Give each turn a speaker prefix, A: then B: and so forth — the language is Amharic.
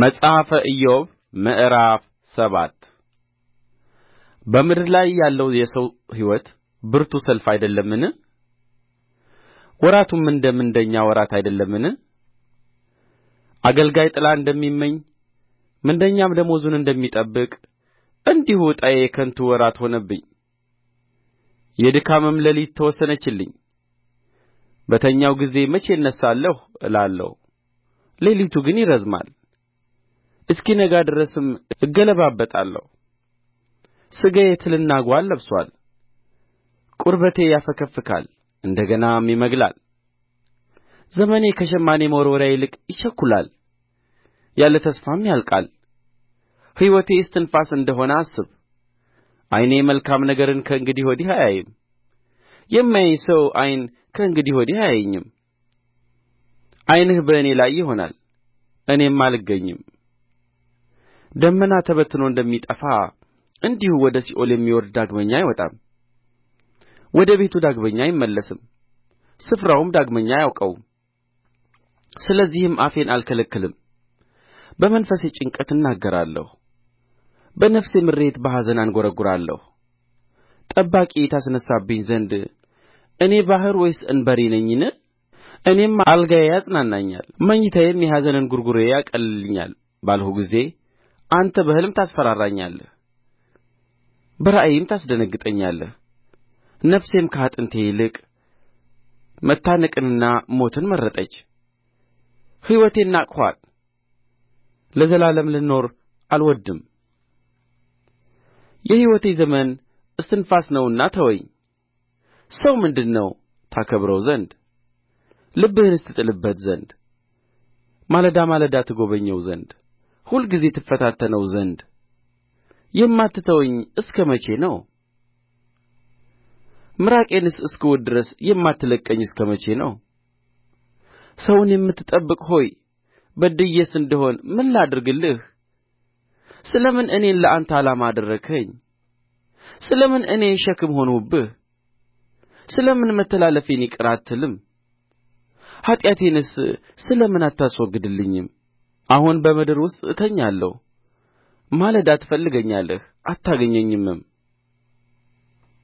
A: መጽሐፈ ኢዮብ ምዕራፍ ሰባት በምድር ላይ ያለው የሰው ሕይወት ብርቱ ሰልፍ አይደለምን? ወራቱም እንደ ምንደኛ ወራት አይደለምን? አገልጋይ ጥላ እንደሚመኝ ምንደኛም ደመወዙን እንደሚጠብቅ እንዲሁ ዕጣዬ የከንቱ ወራት ሆነብኝ፣ የድካምም ሌሊት ተወሰነችልኝ። በተኛሁ ጊዜ መቼ እነሣለሁ እላለሁ፣ ሌሊቱ ግን ይረዝማል። እስኪነጋ ድረስም እገለባበጣለሁ ሥጋዬ ትልና ጓል ለብሶአል ቁርበቴ ያፈከፍካል እንደ ገናም ይመግላል ዘመኔ ከሸማኔ መወርወሪያ ይልቅ ይቸኵላል ያለ ተስፋም ያልቃል ሕይወቴ እስትንፋስ እንደ ሆነ አስብ ዓይኔ መልካም ነገርን ከእንግዲህ ወዲህ አያይም የሚያይ ሰው ዓይን ከእንግዲህ ወዲህ አያየኝም ዓይንህ በእኔ ላይ ይሆናል እኔም አልገኝም ደመና ተበትኖ እንደሚጠፋ እንዲሁ ወደ ሲኦል የሚወርድ ዳግመኛ አይወጣም ወደ ቤቱ ዳግመኛ አይመለስም ስፍራውም ዳግመኛ አያውቀውም ስለዚህም አፌን አልከለክልም በመንፈሴ ጭንቀት እናገራለሁ በነፍሴ ምሬት በኀዘን አንጐራጕራለሁ ጠባቂ ታስነሣብኝ ዘንድ እኔ ባሕር ወይስ አንበሪ ነኝን እኔም አልጋዬ ያጽናናኛል መኝታዬም የኀዘን እንጉርጉሮዬን ያቀልልኛል ባልሁ ጊዜ አንተ በሕልም ታስፈራራኛለህ በራእይም ታስደነግጠኛለህ ነፍሴም ከአጥንቴ ይልቅ መታነቅንና ሞትን መረጠች ሕይወቴን ናቅኋት ለዘላለም ልኖር አልወድድም የሕይወቴ ዘመን እስትንፋስ ነውና ተወኝ ሰው ምንድር ነው ታከብረው ዘንድ ልብህንስ ትጥልበት ዘንድ ማለዳ ማለዳ ትጐበኘው ዘንድ ሁልጊዜ ትፈታተነው ዘንድ የማትተወኝ እስከ መቼ ነው ምራቄንስ እስክውጥ ድረስ የማትለቅቀኝ እስከ መቼ ነው ሰውን የምትጠብቅ ሆይ በድዬስ እንደ ሆነ ምን ላድርግልህ ስለ ምን እኔን ለአንተ ዓላማ አደረግኸኝ ስለ ምን እኔ ሸክም ሆንሁብህ ስለ ምን መተላለፌን ይቅር አትልም ኃጢአቴንስ ስለ ምን አታስወግድልኝም አሁን በምድር ውስጥ እተኛለሁ ማለዳ ትፈልገኛለህ አታገኘኝምም